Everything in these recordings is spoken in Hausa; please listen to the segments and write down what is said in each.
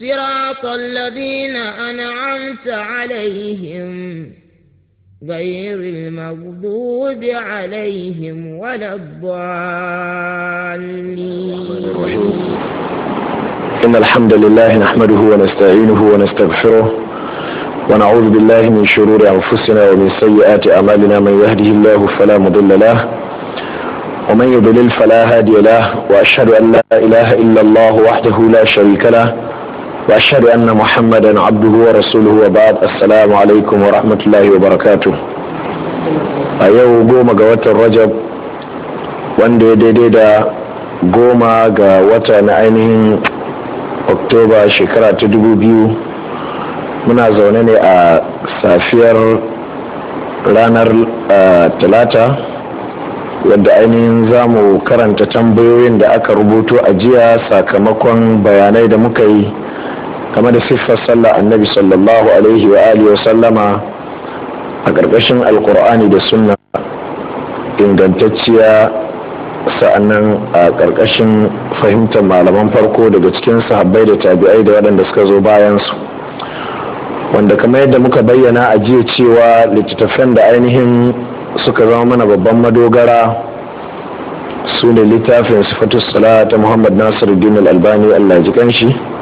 صراط الذين أنعمت عليهم غير المغضوب عليهم ولا الضالين إن الحمد لله نحمده ونستعينه ونستغفره ونعوذ بالله من شرور أنفسنا ومن سيئات أعمالنا من يهده الله فلا مضل له ومن يضلل فلا هادي له وأشهد أن لا إله إلا الله وحده لا شريك له واشهد ان محمدا عبده ورسوله وبعد السلام عليكم ورحمة الله وبركاته ايو أيوه قوم قوات الرجب وانده ديدا قوم قوات عينهم أكتوبر شكرا تدبو بيو muna zaune ne a safiyar ranar talata wadda ainihin za mu karanta tambayoyin da aka rubuto a jiya sakamakon bayanai da muka yi game da siffar sallar annabi sallallahu alaihi wa alihi wa sallama a ƙarƙashin alkur'ani da sunna ingantacciya sa'annan a ƙarƙashin fahimtar malaman farko daga cikin sahabbai da tabi'ai da waɗanda suka zo bayansu wanda kamar yadda muka bayyana a jiya cewa littattafan da ainihin suka zama mana babban madogara su ne littafin sifatu salata ta muhammad nasiru albani allah ji kanshi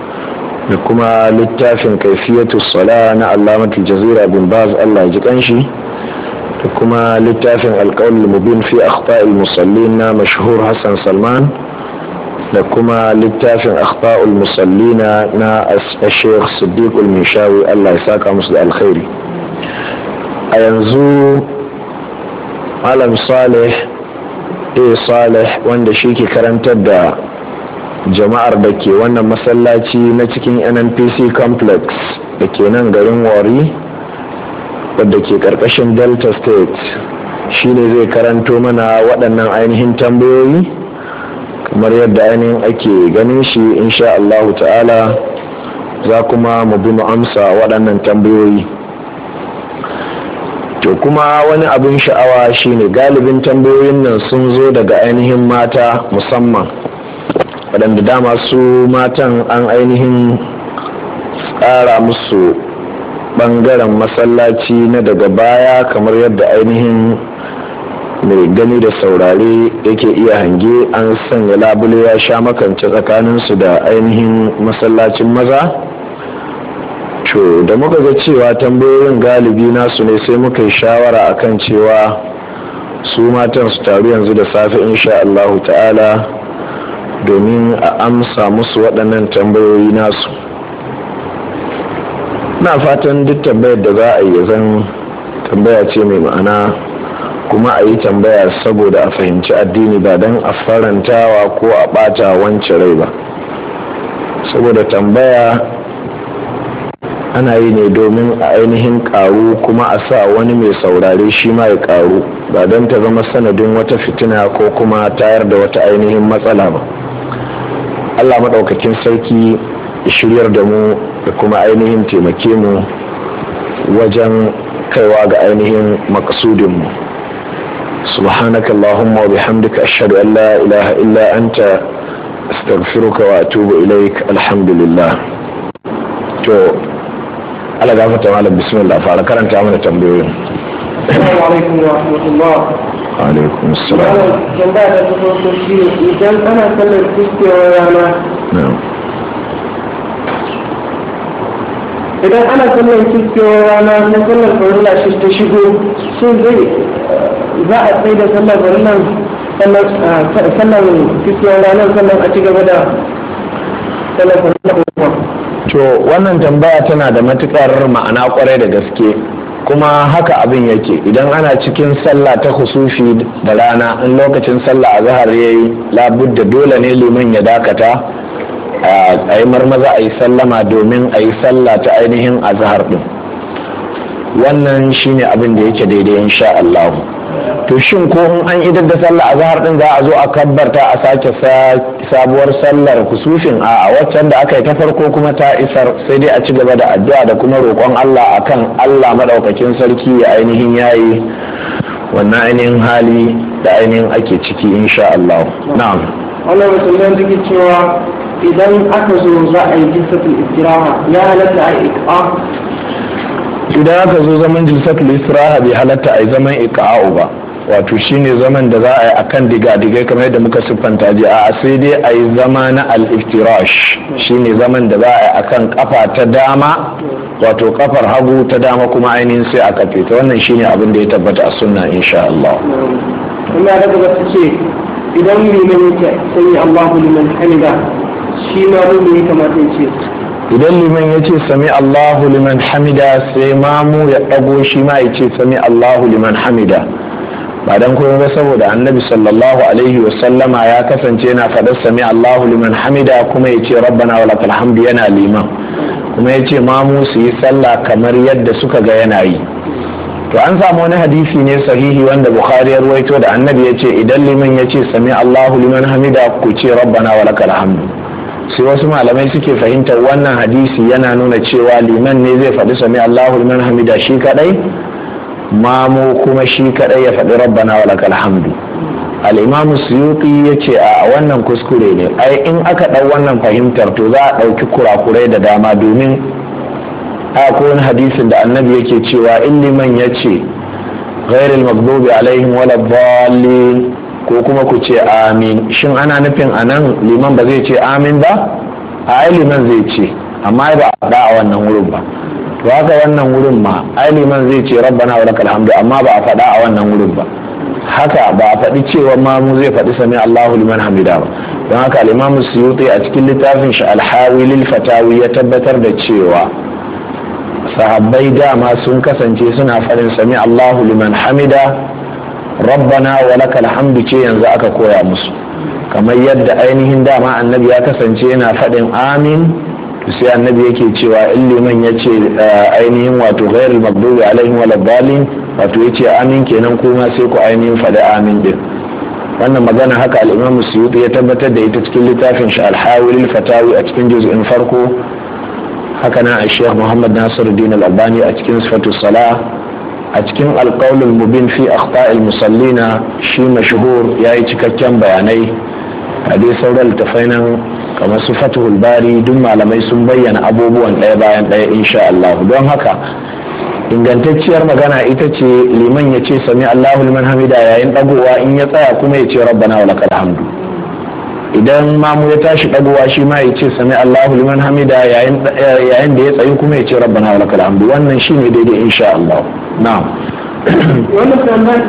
da kuma littafin kaifiyatu sala na alamatul jazira bin baz allah ji kanshi da kuma littafin alkawul mubin fi akhta'il musallin na mashhur hassan salman da kuma littafin akhta'ul musallina na sheikh siddiq al-mishawi allah ya saka musu da alkhairi a yanzu malam saleh a eh, saleh wanda shi ke karantar da jama'ar da ke wannan masallaci na cikin nnpc complex da ke nan garin wari wadda ke karkashin delta state shine zai karanto mana waɗannan ainihin tambayoyi kamar yadda ainihin ake ganin shi insha Allahu ta'ala za kuma mu bi mu amsa waɗannan tambayoyi to kuma wani abin sha'awa shine galibin tambayoyin nan sun zo daga ainihin mata musamman waɗanda dama su matan an ainihin tsara musu ɓangaren masallaci na daga baya kamar yadda ainihin mai gani da saurare yake iya hange an sanya labule ya sha makance tsakaninsu da ainihin masallacin maza to da muka ga cewa tambayoyin galibi nasu ne sai muka yi shawara kan cewa su matan su taru yanzu da safe insha Allahu ta'ala domin a amsa musu waɗannan tambayoyi nasu na fatan duk tambayar da za a yi zan tambaya ce mai ma'ana kuma a yi tambaya saboda a fahimci addini ba don a farantawa ko a ɓata wancan rai ba saboda tambaya ana yi ne domin a ainihin ƙaru kuma a sa wani mai saurare shi ma ya ƙaru ba don ta zama sanadin wata fitina ko kuma tayar da wata ainihin matsala ba. allah maɗaukakin sarki shiryar da mu da kuma ainihin taimake mu wajen kaiwa ga ainihin makasudinmu subhanaka allahumma wa bihamdika ashhadu an la ilaha illa anta astaghfiruka wa atubu ilaik alhamdulillah to ala gafata malam bismillah fara karanta mana tambayoyin alaikum idan ana sallar rana idan na sallar farilla ta shigo a tsaye da sallar a ci da sallar farilla to wannan tambaya tana da matukar ma'ana ƙwarai da gaske kuma haka abin yake idan ana cikin sallah ta kusufi da rana in lokacin sallah a zahar ya yi labudda dole ne liman ya dakata a yi marmaza a yi sallama domin a yi sallah ta ainihin a zahar din wannan shine abin da yake daidai insha Allah. to shin ko in an idar da sallah azhar din za a zo a kabbarta a sake sabuwar sallar kusufin a waccan da aka yi ta farko kuma ta isar sai dai a ci gaba da addu'a da kuma roƙon Allah akan Allah madaukakin sarki ya ainihin yayi wannan ainihin hali da ainihin ake ciki insha Allah na'am wannan musulman take cewa idan aka zo za a yi jinsatul ikrama ya halatta a idan aka zo zaman jilsatul istiraha bai halatta a yi zaman iqa'u ba wato shine zaman da za a yi a kan diga-digai kamar yadda muka siffanta ji a sai dai a yi zama na al-iftirash shine zaman da za a yi a kan kafa ta dama wato kafar hagu ta dama kuma ainihin sai a kafe ta wannan shine abin da ya tabbata a sunna insha Allah ina da gaba ce idan liman yake sai Allahu liman hamida shi ma ne kamata ya ce idan liman ya ce sami allahu liman hamida sai mamu ya ɗago shi ma ya ce sami allahu liman hamida ba dan koyon ba saboda annabi sallallahu alaihi wa sallama ya kasance yana faɗar sami allahu liman hamida kuma ya ce rabbana wa lakal hamdu yana liman kuma ya ce mamu su yi sallah kamar yadda suka ga yana yi to an samu wani hadisi ne sahihi wanda bukhari ya ruwaito da annabi ya ce idan liman ya ce sami allahu liman hamida ku ce rabbana wa lakal hamdu sai wasu malamai suke fahimtar wannan hadisi yana nuna cewa liman ne zai faɗi sami Allahu liman hamida shi kaɗai. mamu kuma shi kaɗai ya faɗi rabbana wa lakal hamdu al-imam suyuti yace a wannan kuskure ne ai in aka ɗau wannan fahimtar to za a ɗauki kurakurai da dama domin a wani hadisin da annabi yake cewa in liman yace ghairil maghdubi alaihim wala dhalin ko kuma ku ce amin shin ana nufin anan nan liman ba zai ce amin ba a liman zai ce amma ba a faɗa a wannan wurin ba to haka wannan wurin ma ai liman zai ce rabbana wa lakal hamdu amma ba a faɗa a wannan wurin ba haka ba a faɗi cewa ma mu zai faɗi sami Allahu liman hamida ba don haka Limamin imam Suyuti a cikin littafin shi alhawi lil ya tabbatar da cewa sahabbai dama sun kasance suna faɗin sami Allahu liman hamida rabbana wa lakal hamdu ce yanzu aka koya musu kamar yadda ainihin dama annabi ya kasance yana faɗin amin sai annabi yake cewa in liman ya ce eh, ainihin wato ghairul maghdubi alaihim waladdallin wato yace amin kenan kuma sai ku ainihin faɗi amin din wannan magana haka al imam suyuti ya tabbatar da ita cikin littafin shi al-hawil fatawi a cikin juz'in farko haka na a sheikh muhammad nasiruddin al-albani a cikin sifatu salah a cikin alƙaulul mubin fi akhta'il musallina shi mashhur ya yi cikakken bayanai a dai sauran littafai nan kamar su fatihul bari duk malamai sun bayyana abubuwan ɗaya bayan ɗaya insha Allah don haka ingantacciyar magana ita ce liman ya ce sami Allahul man hamida yayin ɗagowa in ya tsaya kuma ya ce rabbana wa lakal hamdu idan mamu ya tashi dagowa shi ma ya ce sami Allahu liman hamida yayin da eh, ya tsayi kuma ya ce rabbana wa lakal hamdu wannan shine daidai insha Allah na'am wani sannan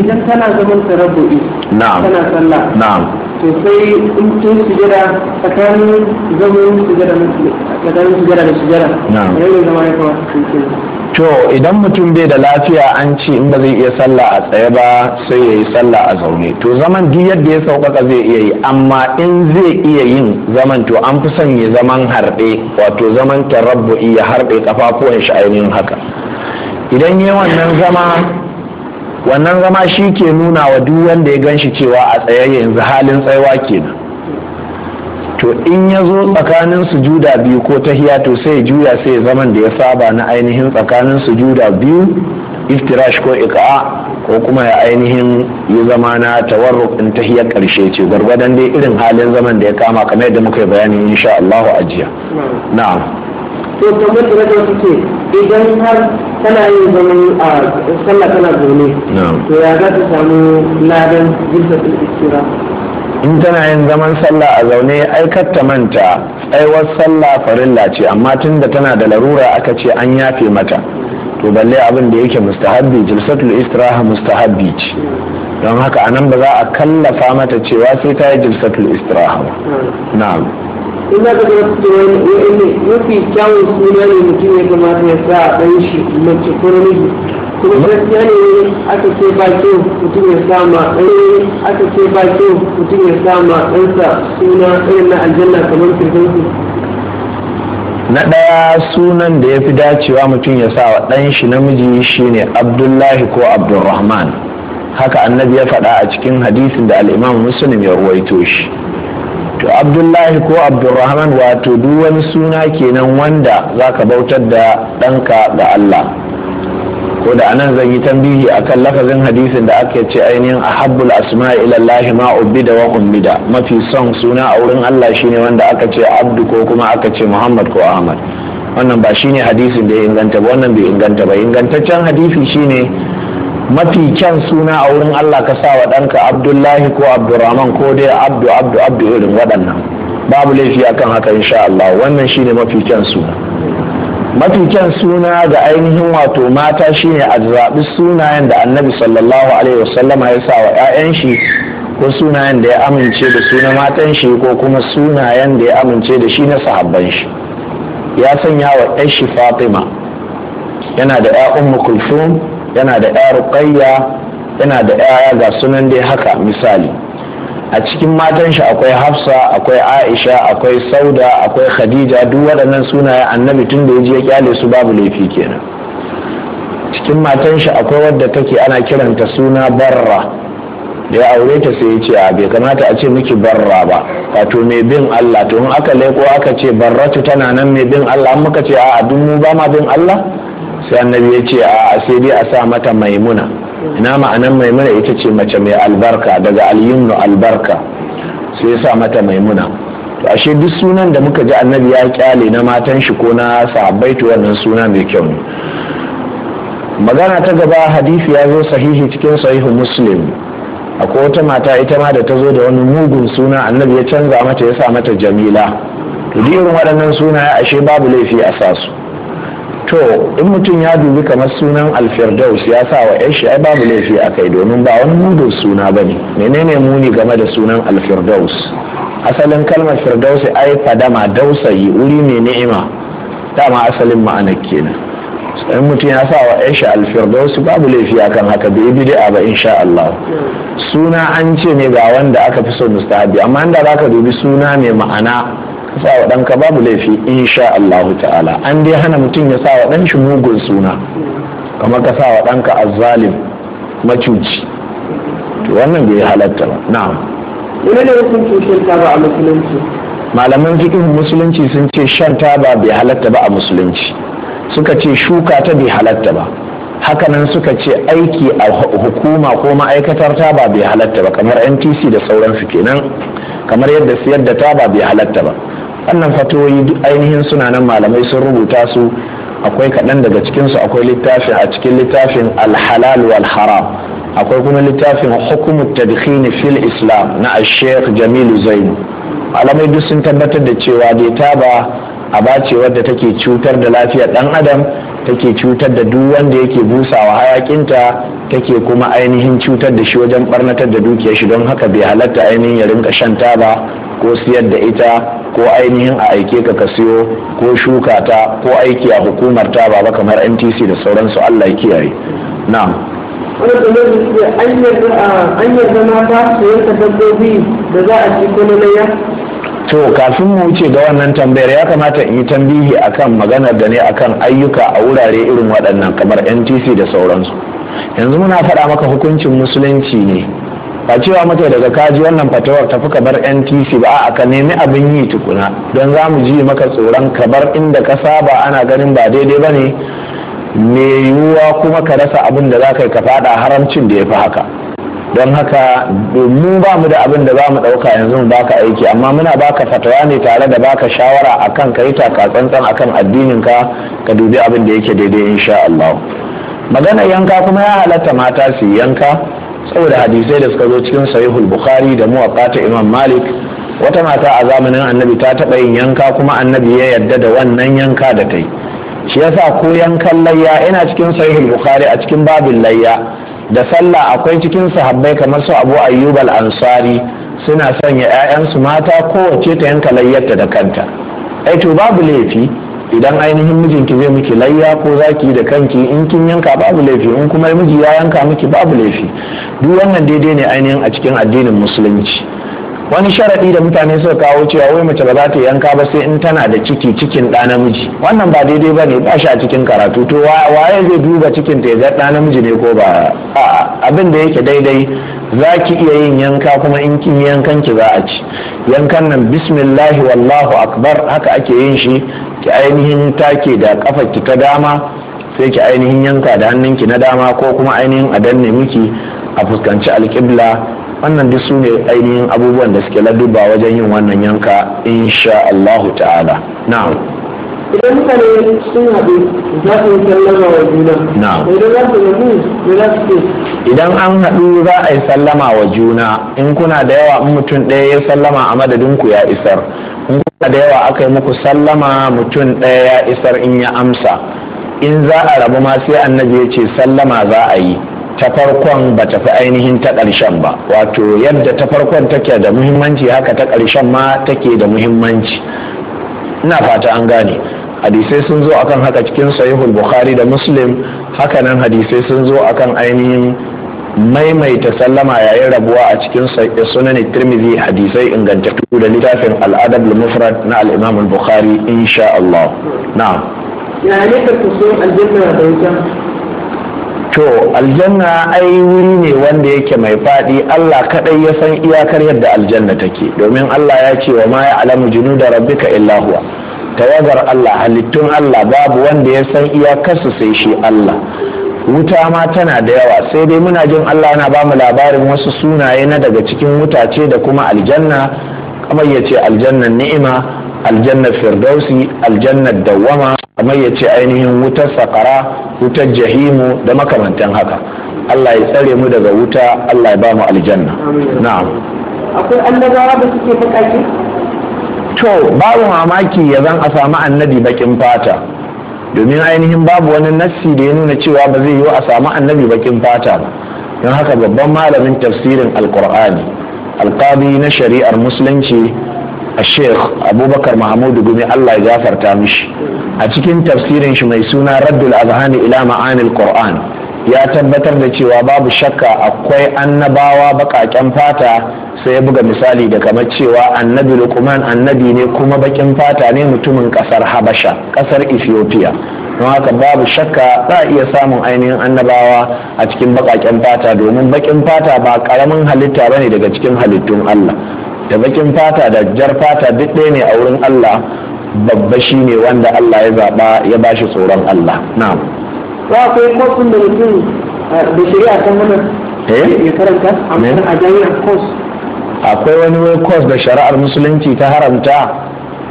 idan tana zaman tarabbu'i na'am tana sallah na'am to sai in tun sujada tsakanin zaman sujada da sujada na'am yayin da zama ya kamata su to idan mutum bai da lafiya an ce in ba zai iya sallah a tsaye ba sai ya yi sallah a zaune to zaman duk yadda ya sauƙaƙa zai iya yi amma in zai iya yin zaman to an fi son ya zaman harɗe wato zaman tarabbu'i iya harɗe kafafuwan shi ainihin haka idan ya wannan zama wannan zama shi ke nuna wa duk wanda ya gan shi cewa a tsaye yanzu halin tsaiwa kenan to in ya zo tsakanin sujuda biyu ko tahiya to sai juya sai zaman da ya saba na ainihin tsakanin sujuda biyu iftirash ko ika'a, ko kuma ya ainihin yi zama na tawarruk in tahiyar karshe ce gwargwadon dai irin halin zaman da ya kama kamar yadda muka yi bayani insha Allah a jiya na'am to kamar da wasu ce idan har tana yin zaman a sallah tana zaune to ya za ta samu ladan ta istira in tana yin zaman sallah a zaune ta manta tsaiwar sallah farilla ce amma tun da tana da larura aka ce an yafe mata to balle abin da yake mustahabbi jilsatul istiraha mustahabbi ce don haka anan ba za a kallafa mata cewa sai ta yi jilsatul istiraha ba na in za ka wani mafi kyawun suna ne mutum ya kamata ya sa a ɗan shi mace ko namiji kuma gaskiya ne aka ce ba kyau mutum ya sama aka suna irin na aljanna kamar na ɗaya sunan da ya fi dacewa mutum ya sa wa ɗan shi namiji shi ne abdullahi ko abdulrahman haka annabi ya faɗa a cikin hadisin da al'imam muslim ya ruwaito shi to abdullahi ko abdulrahman wato duk wani suna kenan wanda za ka bautar da ɗanka ga allah ko da anan zan yi tambihi akan lafazin hadisin da aka ce ainihin ahabbul asma ila Allah ma ubida wa ummida mafi son suna a wurin Allah shine wanda aka ce abdu ko kuma aka ce Muhammad ko Ahmad wannan ba shine hadisin da ya inganta ba wannan bai inganta ba ingantaccen hadisi shine mafi kyan suna a wurin Allah ka sa wa ɗanka Abdullahi ko Abdurrahman ko dai Abdu Abdu Abdu irin waɗannan babu laifi akan haka insha Allah wannan shine mafi kyan suna mafi kyan suna ga ainihin wato mata shine a zaɓi sunayen da annabi sallallahu alaihi wasallama ya sa wa 'ya'yan shi ko sunayen da ya amince da suna matanshi matan shi ko kuma sunayen da ya amince da shi na sahabban shi ya sanya wa 'yar shi fatima yana da 'ya ummu yana da 'ya ruqayya yana da 'ya'ya ga sunan dai haka misali a cikin matan shi akwai hafsa akwai aisha akwai sauda akwai khadija duk waɗannan sunaye annabi tun da ya je ya kyale su babu laifi kenan cikin matan shi akwai wadda take ana kiranta suna barra da ya aure ta sai ya ce a bai kamata a ce miki barra ba wato mai bin Allah to in aka leko aka ce barratu tana nan mai bin Allah an muka ce a duk mu ba ma bin Allah sai annabi ya ce a sai dai a sa mata maimuna ina ma'anan maimuna ita ce mace mai albarka daga alyunnu albarka sai ya sa mata maimuna to ashe duk sunan da muka ji annabi ya kyale na matan shi ko na sahabbai to wannan suna mai kyau ne magana ta gaba hadisi ya zo sahihi cikin sahihu muslim akwai wata mata ita ma da ta zo da wani mugun suna annabi ya canza mata ya sa mata jamila to irin waɗannan sunaye ashe babu laifi a sa su to in mutum ya dubi kamar sunan alfirdaus ya sa wa shi ai babu laifi a kai domin ba wani mudo suna ba ne menene muni game da sunan alfirdaus asalin kalmar firdausi ai fadama dausayi wuri mai ni'ima dama asalin ma'anar kenan in mutum ya sa wa shi alfirdausi babu laifi a kan haka bai da'a ba insha Allah suna an ce ne ga wanda aka fi so mustahabi amma inda zaka dubi suna mai ma'ana sa wa ɗanka babu laifi insha Allah ta'ala an dai hana mutum ya sa wa ɗan shi mugun suna kamar ka sa wa ɗanka azzalim macuci to wannan bai halatta ba na'am ina da hukuncin shan taba a musulunci malaman fiqh musulunci sun ce shan taba bai halatta ba a musulunci suka ce shuka ta bai halatta ba hakanan suka ce aiki a hukuma ko ma'aikatar taba bai halatta ba kamar ntc da sauransu kenan kamar yadda siyar da taba bai halatta ba waɗannan fatoyi duk ainihin suna nan malamai sun rubuta su akwai kaɗan daga cikinsu akwai littafin a cikin littafin alhalal wal haram akwai kuma littafin hukumu tadhini fil islam na sheikh jamilu zainu malamai duk sun tabbatar da cewa dai ba a bacewar da take cutar da lafiyar ɗan adam take cutar da duk wanda yake busawa hayakinta take kuma ainihin cutar da shi wajen barnatar da dukiyar shi don haka bai halatta ainihin ya rinka shan taba ko siyar da ita ko ainihin a aike ka ka siyo ko shuka ta ko aiki a hukumar taba ba kamar mtc da sauransu allah ya kiyaye na'am an zama mata su yanka dabbobi da za a ci ko na to kafin mu wuce ga wannan tambayar ya kamata in yi tambihi akan maganar da ne akan ayyuka a wurare irin waɗannan kamar ntc da sauransu yanzu muna faɗa maka hukuncin musulunci ne ba cewa mata daga kaji wannan fatawar tafi kabar ntc ba a ka nemi abin yi tukuna don za mu ji maka tsoron ka bar inda ka saba ana ganin ba daidai ba ne me yiwuwa kuma ka rasa abin da za ka yi ka faɗa haramcin da ya fi haka don haka mu ba mu da abin da za mu ɗauka yanzu baka aiki amma muna baka fatawa ne tare da baka shawara akan ka yi takatsantsan akan addinin ka ka dubi abin da yake daidai insha Allah magana yanka kuma ya halatta mata su yanka saboda hadisai da suka zo cikin sahihul bukhari da muwaqqata imam malik wata mata a zamanin annabi ta taɓa yin yanka kuma annabi ya yarda da wannan yanka da ta yi shi yasa ko yankan layya ina cikin sahihul bukhari a cikin babin layya da sallah akwai cikin sahabbai kamar su abu ayyub al-ansari suna sanya 'ya'yansu mata kowace ta yanka layyarta da kanta ai to babu laifi idan ainihin mijinki zai miki layya ko zaki da kanki in kin yanka babu laifi in kuma miji ya yanka miki babu laifi duk wannan daidai ne ainihin a cikin addinin musulunci wani sharadi da mutane suka kawo cewa wai mace ba za ta yanka ba sai in tana da ciki cikin ɗa namiji wannan ba daidai ba ne ba shi a cikin karatu to waye zai duba cikin ta ya ɗa namiji ne ko ba abin da yake daidai za ki iya yin yanka kuma in kin yankan ki za a ci yankan nan bismillahi wallahu akbar haka ake yin shi ki ainihin take da kafa ki ta dama sai ki ainihin yanka da hannunki na dama ko kuma ainihin a danne miki a fuskanci alƙibla wannan duk su ne ainihin abubuwan da suke laduba wajen yin wannan yanka insha Allah ta'ala na'am idan mutane sun haɗu za su yi sallama wa juna na'am idan za su yi me za su idan an haɗu za a yi sallama wa juna in kuna da yawa in mutum ɗaya ya sallama a madadin ku ya isar in kuna da yawa aka yi muku sallama mutum ɗaya ya isar in ya amsa in za a rabu ma sai annabi ya ce sallama za a yi ta farkon ba ta fi ainihin ta ƙarshen ba wato yadda ta farkon take da muhimmanci haka ta ƙarshen ma take da muhimmanci ina fata an gane hadisai sun zo akan haka cikin sahihul bukhari da muslim Haka nan hadisai sun zo akan ainihin maimaita sallama yayin rabuwa a cikin sunan tirmidhi hadisai ingantattu da littafin al'adab al-mufrad na al-imam al-bukhari insha Allah na'am ya ne ka aljanna da wajen to aljanna ai wuri ne wanda yake mai fadi allah kaɗai ya san iyakar yadda aljanna take domin allah ya ce wa ma ya alamu junuda da rabbika illa huwa tawagar allah halittun allah babu wanda ya san iyakarsu sai shi allah wuta ma tana da yawa sai dai muna jin allah na bamu labarin wasu sunaye na daga cikin wuta ce da kuma aljanna kamar ya ce aljannan ni'ima aljannar firdausi aljannar dawwama kamar ya ce ainihin wutar sakara wutar jahimu da makamantan haka allah ya tsare mu daga wuta allah ya ba mu aljanna na'am akwai annabawa da suke bukaki to babu mamaki ya zan a samu annabi bakin fata domin ainihin babu wani nassi da ya nuna cewa ba zai yiwu a samu annabi bakin fata ba don haka babban malamin tafsirin alkur'ani alkabi na shari'ar musulunci a sheikh abubakar mahamudu gumi allah ya gafarta mishi a cikin tafsirin shi mai suna raddul azhani ila ma'anil qur'an ya tabbatar da cewa babu shakka akwai annabawa baƙaƙen fata sai ya buga misali da kamar cewa annabi lukman annabi ne kuma baƙin fata ne mutumin ƙasar habasha ƙasar ethiopia don haka babu shakka za a iya samun ainihin annabawa a cikin baƙaƙen fata domin baƙin fata ba ƙaramin halitta bane daga cikin halittun allah da baƙin fata da jar fata duk ɗaya ne a wurin Allah babba shi ne wanda Allah ya zaɓa ya ba shi tsoron Allah na'am wa akwai kofin da mutum eh, da shari'a kan wannan eh? ya karanta amma a jami'ar kos akwai wani wai kos da shari'ar musulunci ta haramta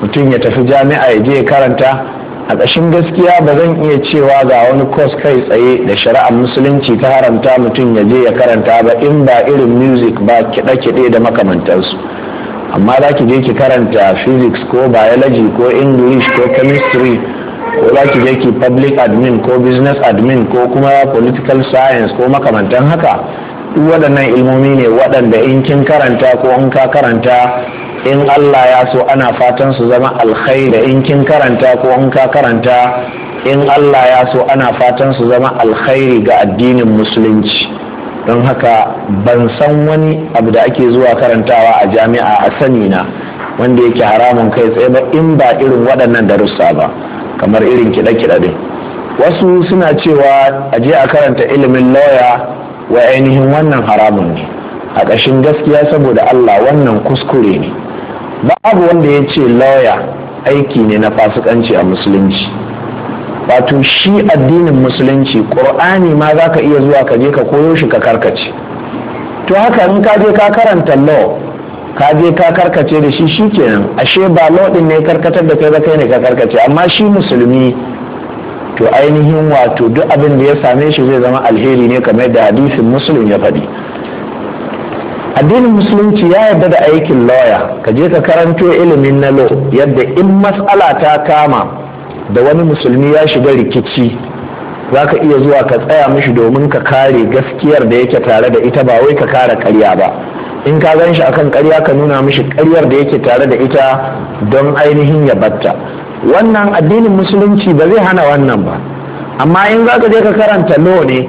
mutum ya tafi jami'a ya je ya karanta a ƙashin gaskiya ba zan iya cewa ga wani kos kai tsaye da shari'ar musulunci ta haramta mutum ya je ya karanta ba in ba irin music ba kiɗe-kiɗe da makamantansu amma za ki je ki karanta physics ko biology ko english ko chemistry ko za ki je ki public admin ko business admin ko kuma political science ko makamantan haka duk waɗannan ilmomi ne waɗanda in kin karanta ko in ka karanta in allah ya so ana fatan su zama alkhairi da in kin karanta ko in ka karanta in allah ya so ana fatan su zama alkhairi ga addinin musulunci don haka ban san wani abu da ake zuwa karantawa a jami'a a sani na wanda yake haramun kai tsaye ba in ba irin waɗannan darussa ba kamar irin kiɗa-kiɗa ɗin wasu suna cewa a je a karanta ilimin lauya wa ainihin wannan haramun ne a ƙashin gaskiya saboda allah wannan kuskure ne babu wanda ya ce lauya aiki ne na fasikanci a musulunci wato shi addinin musulunci ƙur'ani ma za ka iya zuwa ka je ka koyo shi ka karkace to haka in ka je ka karanta law ka je ka karkace da shi shi kenan ashe ba law din ne karkatar da kai ba kai ne ka karkace amma shi musulmi to ainihin wato duk abin da ya same shi zai zama alheri ne kamar da hadisin muslim ya faɗi addinin musulunci ya yarda da aikin lawyer ka je ka karanto ilimin na law yadda in matsala ta kama da wani musulmi ya shiga rikici za ka iya zuwa ka tsaya mishi domin ka kare gaskiyar da yake tare da ita ba wai ka kare karya ba in ka gan shi akan karya ka nuna mishi karyar da yake tare da ita don ainihin ya batta wannan addinin musulunci ba zai hana wannan ba amma in za ka je ka karanta law ne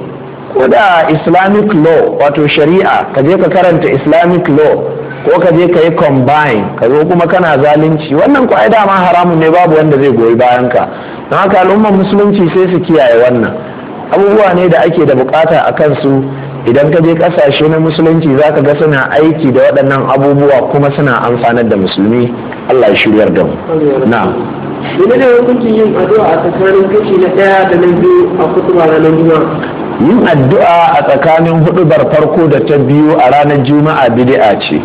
ko da islamic law wato shari'a ka je ka karanta islamic law ko ka je ka yi combine ka zo kuma kana zalunci wannan ko dama haramun ne babu wanda zai goyi bayan ka don haka al'ummar musulunci sai su kiyaye wannan abubuwa ne da ake da bukata a kansu idan ka je kasashe na musulunci za ka ga suna aiki da waɗannan abubuwa kuma suna amfanar da musulmi allah ya shiryar da mu na ne hukuncin yin addu'a a tsakanin kashi na ɗaya da na biyu a kutuba ranar juma'a yin addu'a a tsakanin hudubar farko da ta biyu a ranar juma'a Bidi'a ce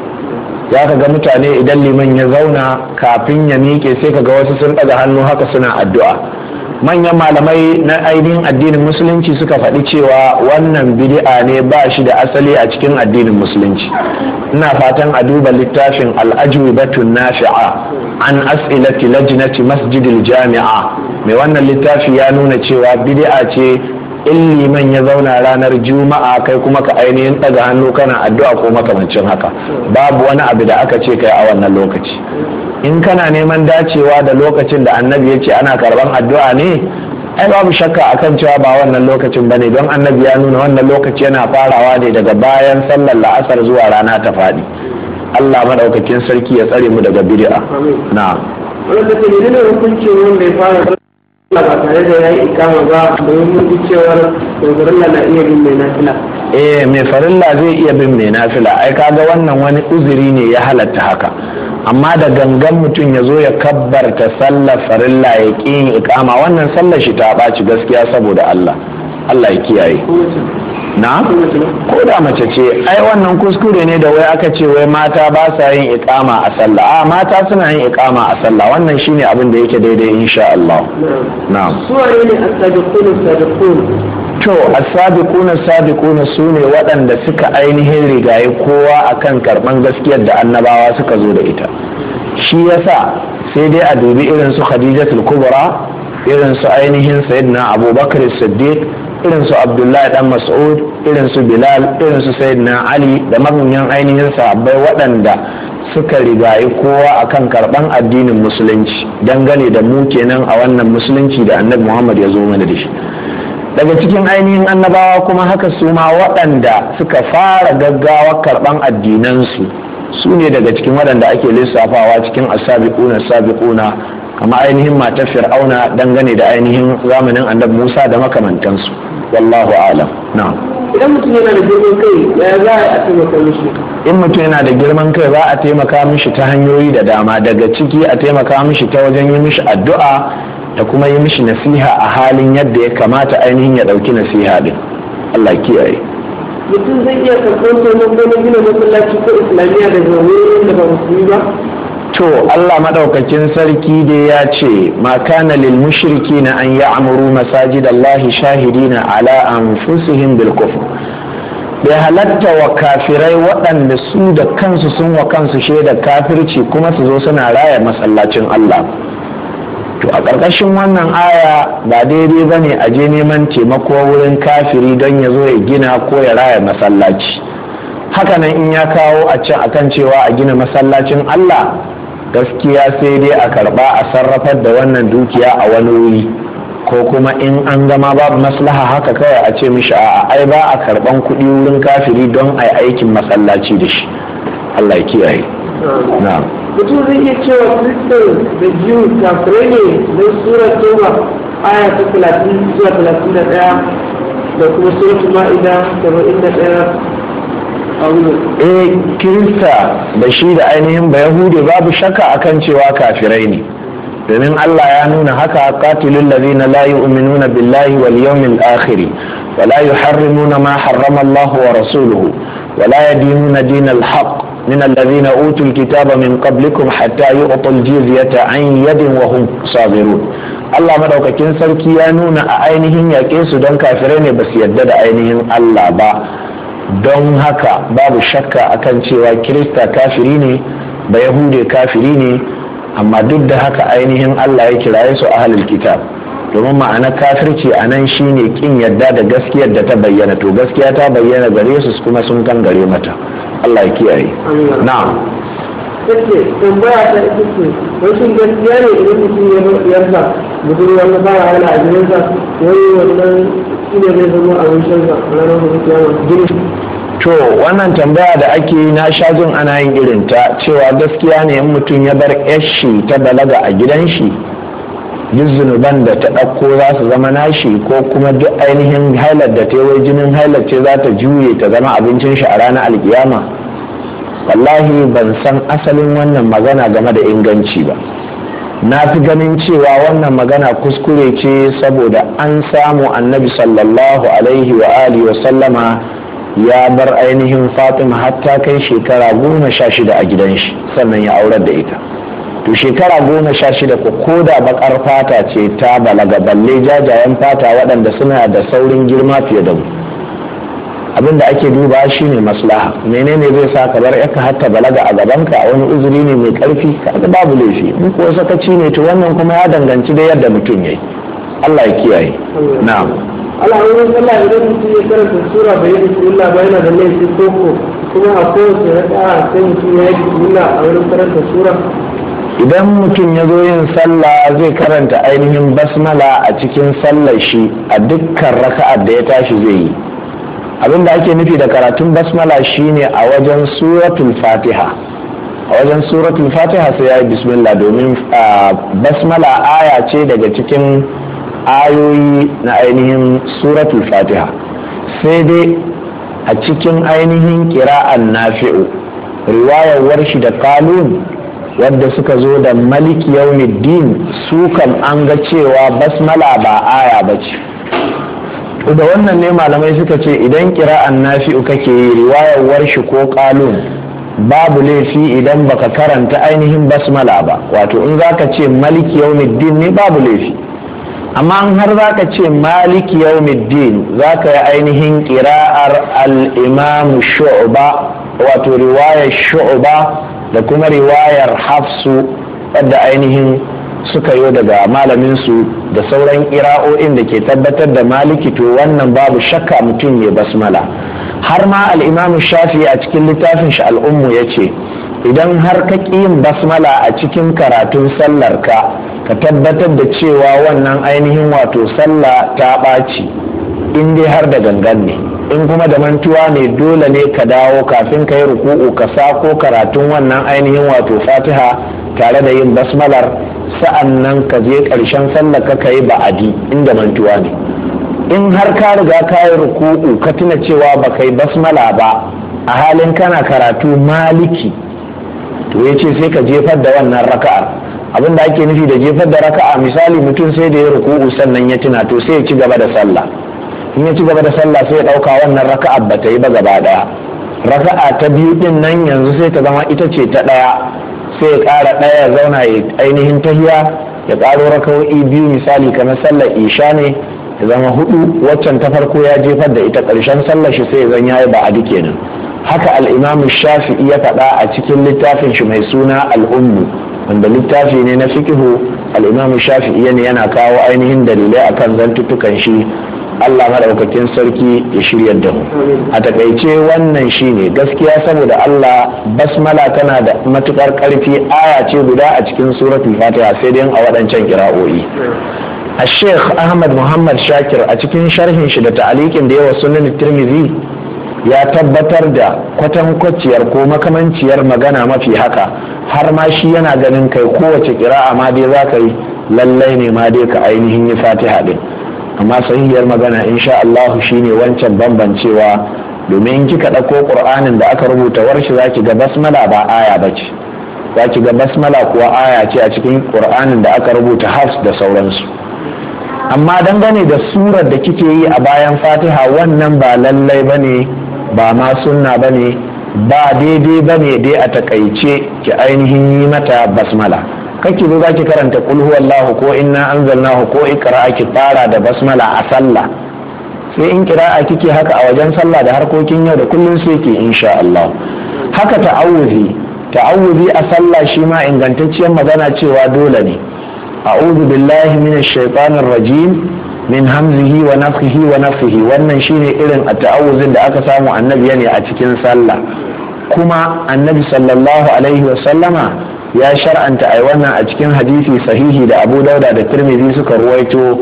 za ka ga mutane idan liman ya zauna kafin ya miƙe sai ka ga wasu sun ɗaga hannu haka suna addu'a manyan malamai na ainihin addinin musulunci suka faɗi cewa wannan bid'a ne ba shi da asali a cikin addinin musulunci ina fatan a duba littafin al'ajwibatun nafi'a an as'ilati lajnati masjidil jami'a mai wannan littafi ya nuna cewa bid'a ce in liman ya zauna ranar juma'a kai kuma ka ainihin ɗaga hannu kana addu'a ko makamancin haka babu wani abu da aka ce kai a wannan lokaci in kana neman dacewa da lokacin da annabi ya ce ana karban addu'a ne ai babu shakka akan cewa ba wannan lokacin ba ne don annabi ya nuna wannan lokaci yana farawa ne daga bayan sallar la'asar zuwa rana ta faɗi allah maɗaukakin sarki ya tsare mu daga bid'a na wanda hukuncin wanda ya fara ba tare da ya ikama ba domin cewar na iya bin mai nafila eh mai farilla zai iya bin mai nafila ai kaga wannan wani uzuri ne ya halatta haka amma da gangan mutum ya zo ya kabbarta sallar farilla ya ƙi yin ikama wannan sallar shi ta ɓaci gaskiya saboda Allah Allah ya kiyaye na ko da mace ce ai wannan kuskure ne da wai aka ce wai mata ba sa yin ikama a sallah a mata suna yin ikama a sallah wannan shine abin da yake daidai insha Allah na'am suwaye ne as as to as Sadiquna as sune waɗanda suka ainihin rigaye kowa akan karban gaskiyar da annabawa suka zo da ita shi yasa sai dai a dubi irin su Khadijatul Kubra irin su ainihin Sayyidina Abubakar Siddiq irin su abdullahi dan mas'ud irin su bilal irin su sayyidina ali da manyan ainihin sahabbai waɗanda suka rigayi kowa akan karɓan addinin musulunci dangane da mu kenan a wannan musulunci da annabi muhammad ya zo mana da shi daga cikin ainihin annabawa kuma haka su ma waɗanda suka fara gaggawa karɓan addinansu su ne daga cikin waɗanda ake lissafawa cikin asabi'una sabi'una kama ainihin matar fir'auna dangane da ainihin zamanin annabi musa da makamantansu wallahu alam na'am idan mutum yana da girman kai ya za a taimaka mishi in mutum yana da girman kai za a taimaka mishi ta hanyoyi da dama daga ciki a taimaka mishi ta wajen yi mishi addu'a da kuma yi mishi nasiha a halin yadda ya kamata ainihin ya ɗauki nasiha din allah kiyaye mutum zai iya karɓar taimako na gina masallaci ko islamiyya daga wurin da ba musulmi ba to Allah madaukakin sarki dai ya ce ma kana lil mushrikina an ya'muru masajidallahi shahidina ala anfusihim bil kufr bai halatta wa kafirai waɗanda su da kansu sun wa kansu shaida kafirci kuma su zo suna raya masallacin Allah to a ƙarƙashin wannan aya ba daidai ba ne a je neman taimako wurin kafiri don ya zo ya gina ko ya raya masallaci hakanan in ya kawo a can akan cewa a gina masallacin Allah gaskiya sai dai a karba a sarrafar da wannan dukiya a wani wuri ko kuma in an gama babu maslaha haka kawai a ce mishi a ai ba a karban kuɗi wurin kafiri don a yi aikin masallaci da shi allah ya kiyaye na'am mutum zai iya cewa kristo da jiyu kafirai ne don sura toba aya ta talatin zuwa talatin da daya da kuma sura tuma'ida saba'in da eh kirista da shi da ainihin ba yahude babu shakka akan cewa kafirai ne domin Allah ya nuna haka qatilul ladina la yu'minuna billahi wal yawmil akhiri wala la yuharrimuna ma harrama Allah wa rasuluhu wala la yadinuna dinal haqq min الذين hatta الكتاب من قبلكم حتى يعطوا الجزية عن يد وهم صاغرون Allah madaukakin sarki ya nuna a ainihin yaƙe su don kafirai ne ba su yadda da ainihin Allah ba don haka babu shakka akan cewa kirista kafiri ne ba yahude kafiri ne amma duk da haka ainihin allah ya kiraye su ahalul kitab domin ma'ana kafirci a nan shine ƙin yadda da gaskiyar da ta bayyana to gaskiya ta bayyana gare su kuma sun kan gare mata allah ya kiyaye na'am take tambaya ta ita ce wai shin gaskiya ne idan mutum ya bar diyarsa mutum wanda ba ya yana a gidansa wai wannan shi ne zai zama abin a ranar da kuke yawan gini to wannan tambaya da ake yi na shazun ana yin irin ta cewa gaskiya ne in mutum ya bar yashi ta balaga a gidan shi duk zunuban da ta ɗauko za su zama nashi ko kuma duk ainihin hailar da ta yi jinin hailar ce za ta juye ta zama abincin shi a ranar alkiyama wallahi ban san asalin wannan magana game da inganci ba na fi ganin cewa wannan magana kuskure ce saboda an samu annabi sallallahu alaihi wa alihi wa sallama ya bar ainihin fatima hatta kai shekara goma sha shida a gidan shi sannan ya aurar da ita to shekara goma sha shida ko koda bakar fata ce ta balaga balle jajayen fata waɗanda suna da saurin girma fiye da mu abinda ake duba shi ne maslaha menene zai sa ka bar yaka hatta balaga a gabanka wani uzuri ne mai karfi kaga babu laifi in ko sakaci ne to wannan kuma ya danganci da yadda mutum yayi Allah ya kiyaye na'am Allah ya yi sallah idan mutum ya karanta sura bayyana yi bismillah yana da laifi ko ko kuma a ya ka sai mutum ya yi bismillah a wurin karanta sura idan mutum ya zo yin sallah zai karanta ainihin basmala a cikin sallar shi a dukkan raka'ar da ya tashi zai yi abin da ake nufi da karatun basmala shine a wajen suratul fatiha a wajen suratul fatiha sai ya yi bismillah domin basmala aya ce daga cikin ayoyi na ainihin suratul fatiha sai dai a cikin ainihin kira'an nafi'u riwayar warshi da kalun wadda suka zo da malik yaumiddin su kan an ga cewa basmala ba aya ba ce da wannan ne malamai suka ce idan kira'an nafi'u kake yi riwayar warshi ko kalun babu laifi idan baka karanta ainihin basmala ba wato in zaka ce maliki yaumiddin ne babu laifi amma an har zaka ce maliki za ka yi ainihin kira'ar al'imamu imam shu'ba wato riwayar shu'ba da kuma riwayar hafsu wadda ainihin suka yi daga malamin su da sauran ƙira'o'in da ke tabbatar da maliki to wannan babu shakka mutum ya basmala har ma al'imamu shafi a cikin littafin shi al'ummu ya ce idan har ka yin basmala a cikin karatun sallar ka ka tabbatar da cewa wannan ainihin wato sallah ta ɓaci in dai har da gangan ne in kuma da mantuwa ne dole ne ka dawo kafin ka yi ruku'u ka sako karatun wannan ainihin wato fatiha tare da yin basmalar sa'an nan ka je ƙarshen sallar ka ka yi ba'adi inda mantuwa ne in har ka riga ka yi ruku'u ka tuna cewa ba ka yi basmala ba a halin kana karatu maliki to ya ce sai ka jefar da wannan raka'a abin da ake nufi da jefar da raka'a misali mutum sai da ya ruku'u sannan ya tuna to sai ya ci gaba da sallah in ya ci gaba da sallah sai ya ɗauka wannan raka'a ba ta yi ba gaba ɗaya raka'a ta biyu ɗin nan yanzu sai ta zama ita ce ta ɗaya sai ya ƙara ɗaya ya zauna ya ainihin tahiya ya karo raka'o'i biyu misali kamar sallar isha ne ya zama hudu waccan ta farko ya jefar da ita ƙarshen sallar shi sai ya zan yayi ba duke kenan haka al'imamin shafi'i ya faɗa a cikin littafin shi mai suna al'ummu wanda littafi ne na fikihu al'imamin shafi'i ne yana kawo ainihin dalilai akan zantuttukan shi Allah maɗaukakin sarki ya shirya da mu a takaice wannan shi ne gaskiya saboda Allah basmala tana da matukar ƙarfi aya ce guda a cikin suratul fatiha sai dai a waɗancan kira'o'i a sheikh ahmad muhammad shakir a cikin sharhin shi da ta'alikin da yawa sunan tirmizi ya tabbatar da kwatankwaciyar ko makamanciyar magana mafi haka har ma shi yana ganin kai kowace kira'a ma dai za ka yi lallai ne ma dai ka ainihin yi fatiha din amma sahihiyar magana insha Allah shine wancan bambancewa domin kika ɗauko ƙur'anin da aka rubuta warshi zaki ga basmala ba aya bace zaki ga basmala kuwa aya ce a cikin ƙur'anin da aka rubuta hafs da sauransu amma dangane da surar da kike yi a bayan fatiha wannan ba lallai ba ne ba ma sunna bane ba daidai ba ne dai a takaice ki ainihin yi mata basmala kake zo zaki karanta kul huwallahu ko inna anzalnahu ko iqra'a ki fara da basmala a sallah sai in kira'a kike haka a wajen sallah da harkokin yau da kullum sai ke insha Allah haka ta'awuzi ta'awuzi a sallah shi ma ingantacciyar magana cewa dole ne a'udhu billahi minash shaitanir rajim min hamzihi wa nafhihi wa nafhihi wannan shine irin ta'awuzin da aka samu annabi ne a cikin sallah kuma annabi sallallahu alaihi wa sallama ya shar'anta ai wannan a cikin hadisi sahihi da abu dauda da tirmidhi suka ruwaito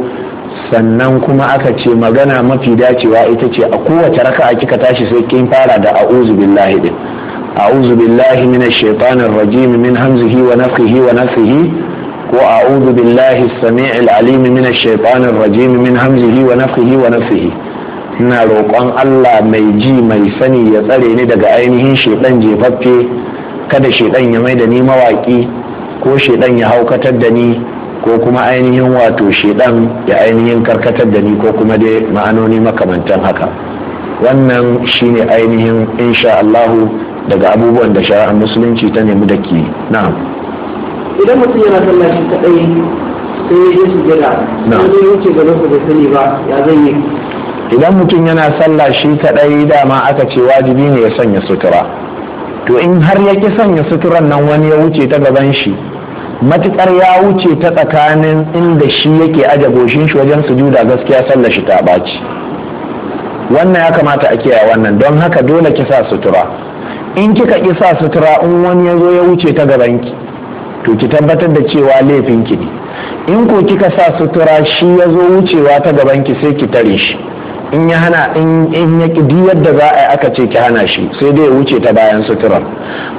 sannan kuma aka ce magana mafi dacewa ita ce a kowace raka'a kika tashi sai kin fara da a'udhu billahi din a'udhu billahi minash shaitanir rajim min hamzihi wa nafthihi wa nafthihi ko a'udhu billahi as-sami'il alim minash shaitanir rajim min hamzihi wa nafthihi wa nafthihi ina roƙon Allah mai ji mai sani ya tsare ni daga ainihin shaitan jefaffe kada shedan ya mai da ni mawaki ko shedan ya haukatar da ni ko kuma ainihin wato shedan ya ainihin karkatar da ni ko kuma dai ma'anoni makamantan haka wannan shine ainihin insha Allahu daga abubuwan da shari'ar musulunci ta nemi da ke na'am idan mutum yana sallah shi kadai sai ya je sujada na'am sai wuce gaban ku bai sani ba ya zan yi idan mutum yana sallah shi kadai dama aka ce wajibi ne ya sanya sutura to in har ya ki sanya suturan nan wani ya wuce ta gaban shi matukar ya wuce ta tsakanin inda shi yake aje goshin shi wajen sujuda gaskiya sallar shi ta baci wannan ya kamata a kiyaye wannan don haka dole ki sa sutura in kika ki sa sutura in wani ya zo ya wuce ta gaban ki to ki tabbatar da cewa laifin ki ne in ko kika sa sutura shi ya zo wucewa ta gaban ki sai ki tare shi in ya hana in ya kidi yadda za a yi aka ce ki hana shi sai dai ya wuce ta bayan sutura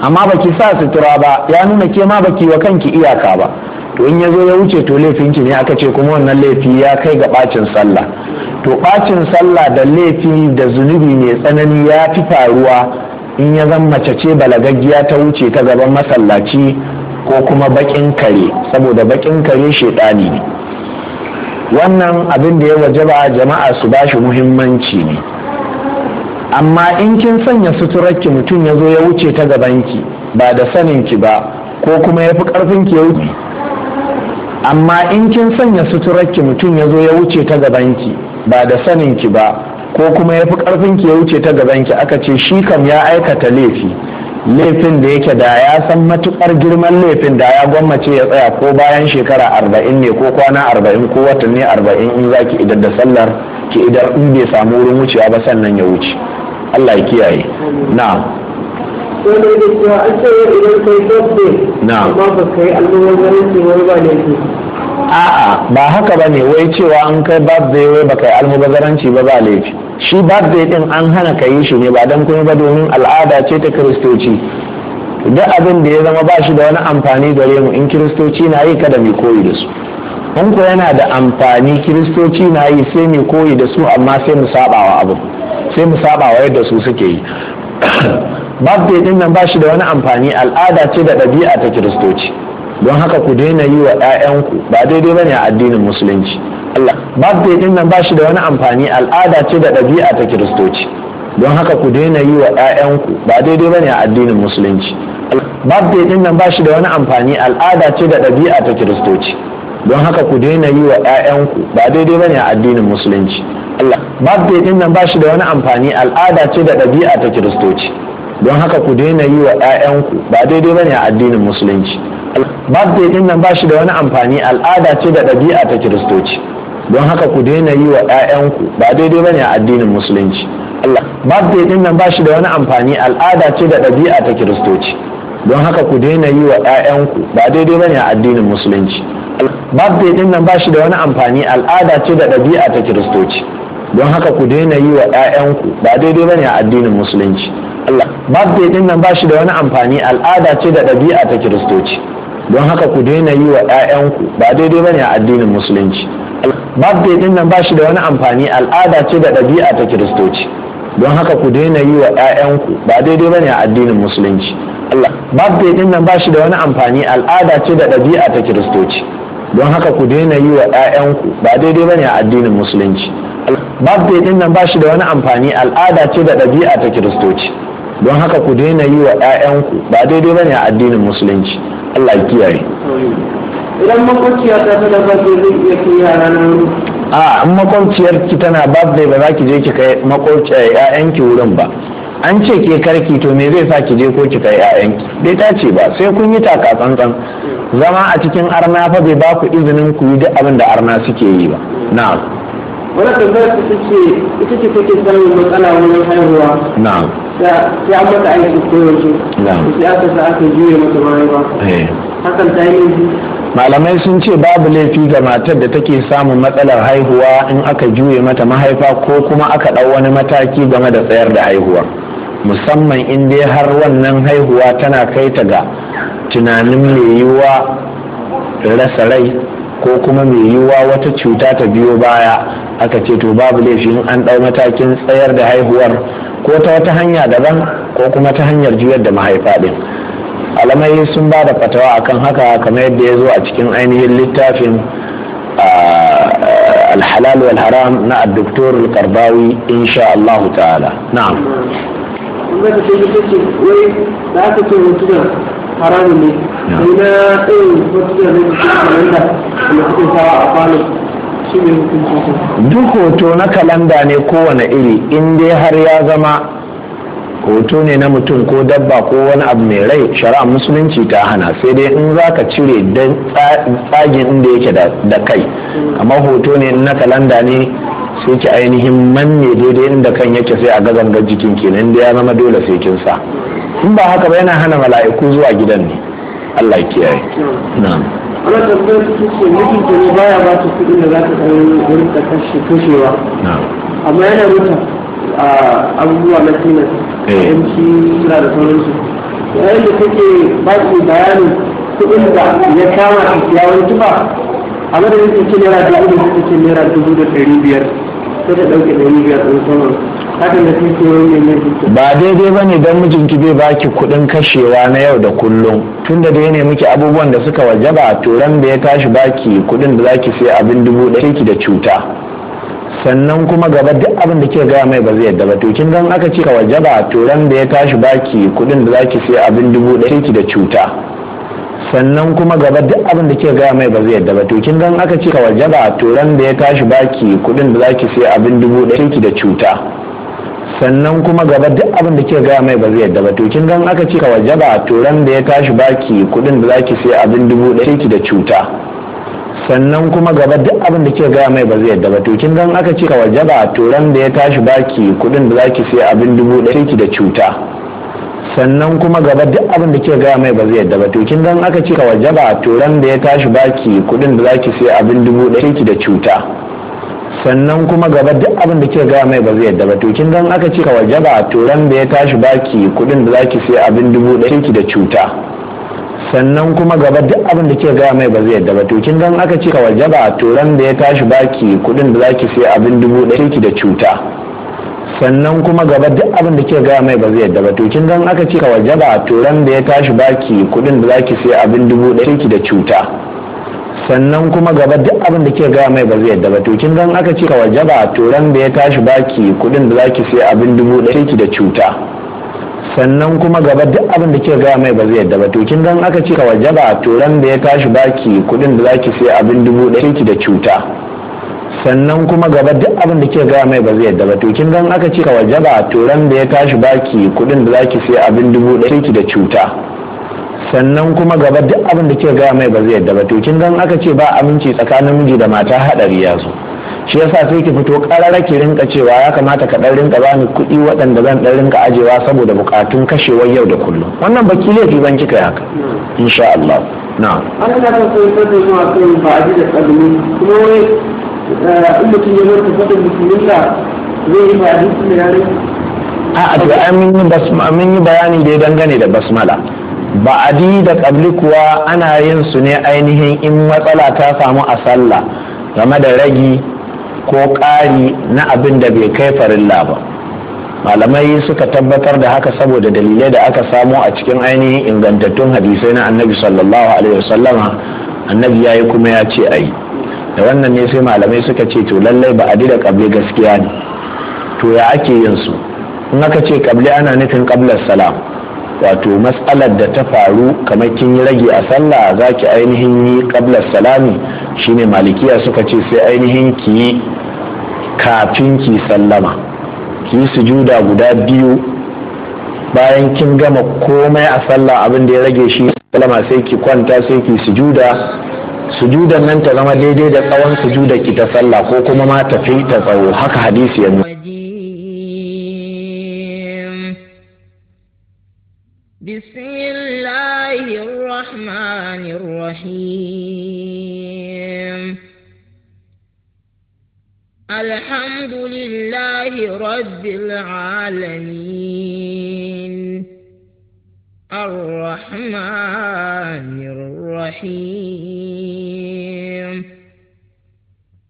amma baki sa sutura ba ya nuna ke ma baki wa kanki iyaka ba to in ya zo ya wuce to laifin ki ne aka ce kuma wannan laifi ya kai ga bacin sallah to bacin sallah da laifi da zunubi mai tsanani ya fi faruwa in ya zan mace ce balagaggiya ta wuce ta gaban masallaci ko kuma baƙin kare saboda baƙin kare shedani ne wannan abin da ya wajaba jama'a su ba shi muhimmanci ne amma in kin sanya suturarki mutum ya zo ya wuce ta gabanki ba da saninki ba ko kuma ya fi ƙarfinki ya wuce amma in kin sanya suturarki mutum ya zo ya wuce ta gabanki ba da saninki ba ko kuma ya fi ƙarfinki ya wuce ta gabanki aka ce shi kam ya aikata laifi laifin da yake da ya san matukar girman laifin da ya gwammace ya tsaya ko bayan shekara arba'in ne ko kwana arba'in ko watanni arba'in in za ki idar da sallar ki idar in bai samu wurin wucewa ba sannan ya wuce allah ya kiyaye na wani da cewa an idan kai na ka yi ba a'a ba haka ba ne wai cewa an kai birthday wai baka yi almubazzaranci ba ba laifi shi birthday din an hana ka yi shi ne ba dan kuma ba domin al'ada ce ta kiristoci duk abin da ya zama ba shi da wani amfani gare mu in kiristoci na yi kada mai koyi da su in ko yana da amfani kiristoci na yi sai mai koyi da su amma sai mu sabawa abu sai mu sabawa yadda su suke yi birthday din nan ba shi da wani amfani al'ada ce da ɗabi'a ta kiristoci don haka ku daina yi wa 'ya'yanku ba daidai ne a addinin musulunci Allah birthday din nan ba shi da wani amfani al'ada ce da ɗabi'a ta kiristoci don haka ku daina yi wa 'ya'yanku ba daidai ne a addinin musulunci birthday din nan ba shi da wani amfani al'ada ce da ɗabi'a ta kiristoci don haka ku daina yi wa 'ya'yanku ba daidai ne a addinin musulunci Allah birthday din nan ba shi da wani amfani al'ada ce da ɗabi'a ta kiristoci don haka ku daina yi wa 'ya'yanku ba daidai bane a addinin musulunci birthday din nan ba shi da wani amfani al'ada ce da ɗabi'a ta kiristoci don haka ku daina yi wa 'ya'yanku ba daidai bane a addinin musulunci Allah birthday din nan ba shi da wani amfani al'ada ce da ɗabi'a ta kiristoci don haka ku daina yi wa 'ya'yanku ba daidai bane a addinin musulunci birthday din nan ba shi da wani amfani al'ada ce da ɗabi'a ta kiristoci don haka ku daina yi wa 'ya'yanku ba daidai bane a addinin musulunci Allah birthday din nan ba shi da wani amfani al'ada ce da ɗabi'a ta kiristoci don haka ku daina yi wa 'ya'yanku ba daidai bane a addinin musulunci birthday din nan ba shi da wani amfani al'ada ce da ɗabi'a ta kiristoci don haka ku daina yi wa 'ya'yanku ba daidai bane a addinin musulunci Allah birthday din nan ba shi da wani amfani al'ada ce da ɗabi'a ta kiristoci don haka ku daina yi wa 'ya'yanku ba daidai bane a addinin musulunci birthday din nan ba shi da wani amfani al'ada ce da ɗabi'a ta kiristoci don haka ku daina yi wa 'ya'yanku ba daidai bane a addinin musulunci Allah ya kiyaye idan makwabciya ta dafa zai iya kai yara na a in makwabciyar ki tana birthday ba za ki je ki kai makwabciya eh, yayanki wurin ba an ce ke karki to me zai sa ki je ko ki kai yayanki yanki bai ce ba sai kun yi taka tsantsan zama a cikin arna fa bai ba ku izinin ku yi duk abin da arna suke yi ba na'am wani tambayar ku su ce ita ce take samun matsala wajen haihuwa na'am sai an mata aiki ko yanzu na'am sai aka sa aka juye mata mahaifa eh. hakan ta yi malamai sun ce babu laifi ga matar da take samun matsalar haihuwa in aka juye mata mahaifa ko kuma aka ɗau wani mataki game da tsayar da haihuwa musamman in dai har wannan haihuwa tana kai ta ga tunanin mai yiwuwa rasa rai ko kuma mai yiwuwa wata cuta ta biyo baya aka ce to babu laifi in an ɗau matakin tsayar da haihuwar ko ta wata hanya daban ko kuma ta hanyar juyar da mahaifa ɗin alamai sun ba da fatawa akan haka kamar yadda ya zo a cikin ainihin littafin alhalal wal haram na addoktor karbawi insha Allah ta'ala na'am haramun ne sai na irin hotunan da kalanda da suke sawa a falon shi ne hukuncin duk hoto na kalanda ne kowane iri in dai har ya zama hoto ne na mutum ko dabba ko wani abu mai rai shari'a musulunci ta hana sai dai in za ka cire don tsagin inda yake da kai amma hoto ne na kalanda ne sai ki ainihin manne daidai inda kan yake sai a gazangar jikin kenan da ya zama dole sai kin in ba haka ba yana hana mala'iku zuwa gidan ne Allah ya kiyaye na'am ana tambayar su ce mutum ke ne baya ba su kudin da za ta kai wurin ta kashe kashewa amma yana mutu a abubuwa na tilas yanci eh. suna da sauransu yayin da take ba su bayanin kudin da ya kama ya kiyawar tuba a madadin cikin ce naira dubu da suka ce naira dubu da ɗari biyar sai ta ɗauke ɗari biyar ɗin sauransu ba daidai ba ne don mijinki bai baki kuɗin kashewa na yau da kullum tunda da ya ne muke abubuwan da suka wajaba turan da ya tashi baki kuɗin da zaki sai abin dubu ɗaya ki da cuta sannan kuma gaba duk abin da ke gaya mai ba zai yadda ba to kin gan aka ce ka wajaba turan da ya tashi baki kuɗin da zaki sai abin dubu ɗaya ki da cuta sannan kuma gaba duk abin da ke gaya mai ba zai yadda ba to kin gan aka ce ka wajaba turan da ya tashi baki kudin da zaki sai abin dubu ɗaya ki da cuta sannan kuma gaba duk abin da ke gaya mai ba zai yadda ba to kin gan aka ce ka wajaba turan da ya tashi baki kudin da zaki sai abin dubu ɗaya ki da cuta sannan kuma gaba duk abin da ke gaya mai ba zai yadda ba to kin gan aka ce ka wajaba turan da ya tashi baki kudin da zaki sai abin dubu ɗaya ki da cuta sannan kuma gaba duk abin da ke gaya mai ba zai yadda ba to kin gan aka ce ka wajaba turan da ya tashi baki kudin da zaki sai abin dubu ɗaya ki da cuta sannan kuma gaba duk abin da ke gaya mai ba zai yadda ba to kin dan aka ce ka wajaba to ran da ya tashi baki kudin da zaki sai abin dubu da kinki da cuta sannan kuma gaba duk abin da ke gaya mai ba zai yadda ba to kin dan aka ce ka wajaba to ran da ya tashi baki kudin da zaki sai abin dubu da kinki da cuta sannan kuma gaba duk abin da ke gaya mai ba zai yadda ba to kin dan aka ce ka wajaba to ran da ya tashi baki kudin da zaki sai abin dubu da kinki da cuta sannan kuma gaba duk abin da ke gaya mai ba zai yadda ba to kin gan aka ce ka wajaba to ran da ya tashi baki kudin da zaki sai abin dubu da ki da cuta sannan kuma gaba duk abin da ke gaya mai ba zai yadda ba to kin gan aka ce ka wajaba to ran da ya tashi baki kudin da zaki sai abin dubu da ki da cuta sannan kuma gaba duk abin da ke gaya mai ba zai yadda ba to kin gan aka ce ka wajaba to ran da ya tashi baki kudin da zaki sai abin dubu da ki da cuta sannan kuma gaba duk abin da ke gaya mai ba zai yadda ba to kin gan aka ce ba aminci tsakanin miji da mata hadari ya zo shi yasa sai ki fito karara ki rinka cewa ya kamata ka dan rinka bani kuɗi waɗanda zan dan rinka ajewa saboda bukatun kashewar yau da kullum wannan baki laifi ban kika haka insha Allah na'am an da kan koyi sai zuwa kai ba ji da tsadumi kuma wai eh, in mutum ya mutu fadin bismillah zai yi ba aji da yare a'a to amin yi basma amin yi bayani da ya dangane da basmala ba'adi da ƙabli kuwa ana yin su ne ainihin in matsala ta samu a sallah game da ragi ko ƙari na abin da bai kai farilla ba malamai suka tabbatar da haka saboda dalilai da aka samo a cikin ainihin ingantattun hadisai na annabi sallallahu alaihi wasallama annabi ya yi kuma ya ce a yi da wannan ne sai malamai suka ce to lallai ba'adi da ƙabli gaskiya ne to ya ake yin su in aka ce ƙabli ana nufin ƙablar salam wato matsalar da ta faru kamar kin yi rage a sallah za ki ainihin yi kabla salami shine malikiya suka ce sai ainihin ki yi kafin ki sallama ki yi sujuda guda biyu bayan kin gama komai a sallah abin da ya rage shi sallama sai ki kwanta sai ki sujuda sujudan nan ta zama daidai da tsawon sujuda ki ta sallah ko kuma ma tafi ta tsawo haka hadisi yanzu بسم الله الرحمن الرحيم الحمد لله رب العالمين الرحمن الرحيم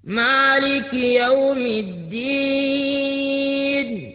مالك يوم الدين